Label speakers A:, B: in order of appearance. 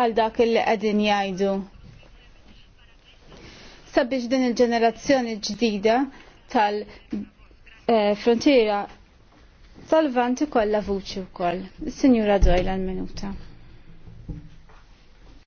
A: għal dak il qegħdin jgħidu. Sabiex din il-ġenerazzjoni ġdida tal-frontiera eh, tal-vanti kollha vuċi wkoll. Is-Sinjura Doyle minuta